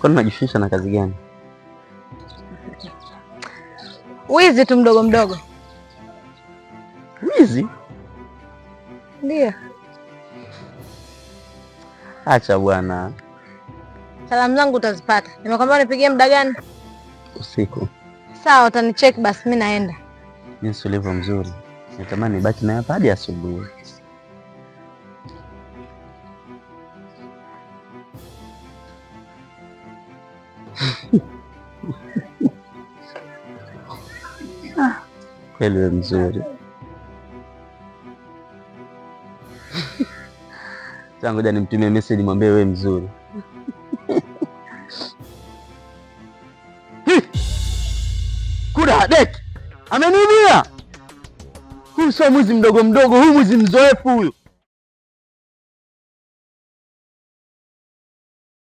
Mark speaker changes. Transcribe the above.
Speaker 1: Kwani unajishughulisha na kazi gani?
Speaker 2: Wizi tu mdogo mdogo. Wizi? Ndio.
Speaker 1: Acha bwana,
Speaker 2: salamu zangu utazipata. Nimekwambia unipigie muda gani? Usiku. Sawa, utanicheki basi, mi naenda.
Speaker 1: Jinsi ulivyo mzuri, natamani baki naye hapa hadi asubuhi. Kweli we mzuri sangoja nimtumie message mwambie we mzuri. Kura Hadek ameniumia huyu, sio mwizi mdogo mdogo, huyu mwizi mzoefu huyu.